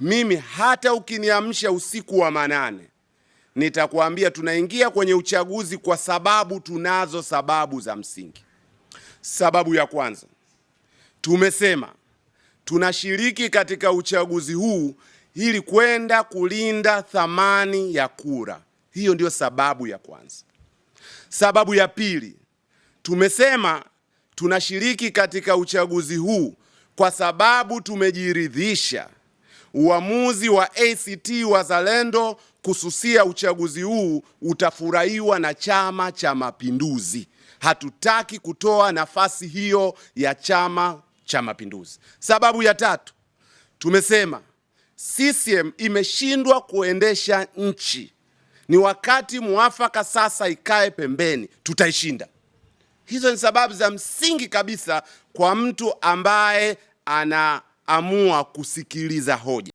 mimi hata ukiniamsha usiku wa manane nitakwambia tunaingia kwenye uchaguzi kwa sababu tunazo sababu za msingi. Sababu ya kwanza, tumesema tunashiriki katika uchaguzi huu ili kwenda kulinda thamani ya kura. Hiyo ndio sababu ya kwanza. Sababu ya pili, tumesema tunashiriki katika uchaguzi huu kwa sababu tumejiridhisha Uamuzi wa ACT Wazalendo kususia uchaguzi huu utafurahiwa na Chama cha Mapinduzi. Hatutaki kutoa nafasi hiyo ya Chama cha Mapinduzi. Sababu ya tatu, tumesema CCM imeshindwa kuendesha nchi, ni wakati mwafaka sasa ikae pembeni, tutaishinda. Hizo ni sababu za msingi kabisa kwa mtu ambaye ana amua kusikiliza hoja.